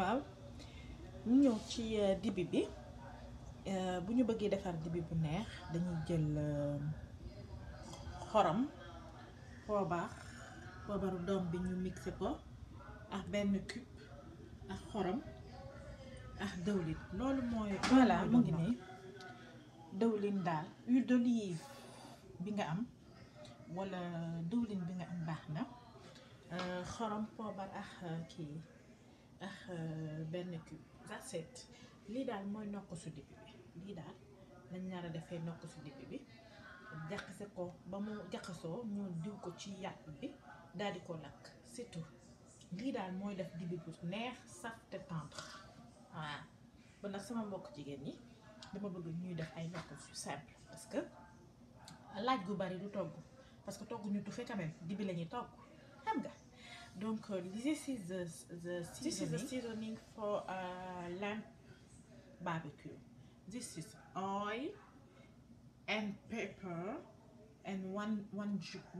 waaw ñu ñëw ci euh, dibi bi euh, bu ñu bëggee defar dibi bu neex dañuy jël euh, xorom poobar poobaru doom bi ñu mixé ko ak benn cube ak xorom ak dëwlin loolu mooy voilà mu ngi nii dëwlin daal u huile d'olive bi nga am wala dëwlin bi nga am baax na xorom poobar ak kii ak euh, benn cube that's lii daal mooy nokk su dibi bi lii daal lañ nar a defee nokk su dibi bi jaxase ko ba mu jaxasoo ñu diw ko ci yàpp bi daal di ko lakk surtout lii daal mooy def dibi bu neex saf te tendre waaw ba nag sama mbokk jigéen ñi dama bëgg ñuy def ay nokk su simple parce laaj gu bari du togg parce que togg ñu tufe quand même dibi lañuy ñuy togg xam nga Donc, euh, this is the, the seasoning. This is the seasoning for uh, lamb barbecue. This is oil and pepper and one one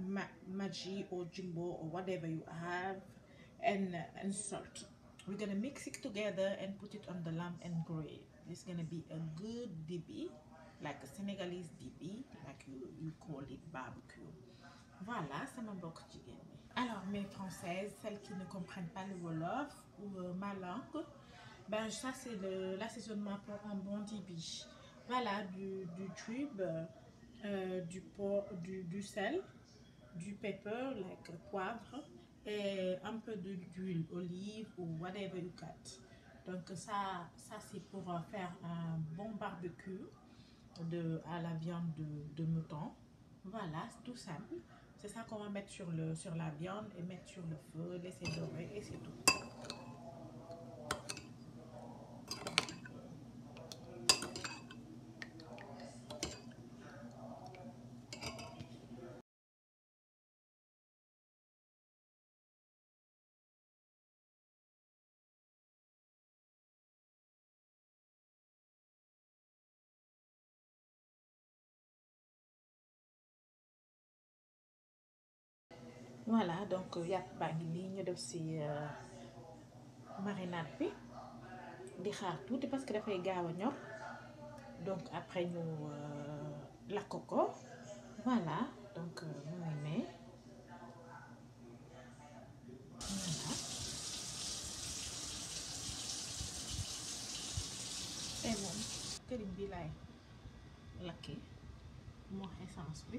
ma magi or jumbo or whatever you have and uh, and salt we're gonna mix it together and put it on the lamb and grate it's gonna be a good dibi like a senegalese dibi like you you call it barbecue voilà sama mbokk jigéen ñi alors mes françaises celles qui ne comprennent pas le wolof ou euh, ma langue ben ça c'est le l'assaisonnement pour un bon débit voilà du du tube euh, du po du du sel du pepper like poivre et un peu de d'huile olive ou whatever you got donc ça ça c'est pour euh, faire un bon barbecue de à la viande de de mouton voilà tout simple C'est ça qu'on va mettre sur, le, sur la viande et mettre sur le feu, laisser dorer et c'est tout. voilà donc euh, yàpp baa ngi nii ñu def ci euh, marinade bi di xaar tuuti parce que dafay gaaw a ñor donc après ñu euh, lakk ko voilà donc mu ngi ne voilà tey moom këriñ bi laay lakkee moo essence bi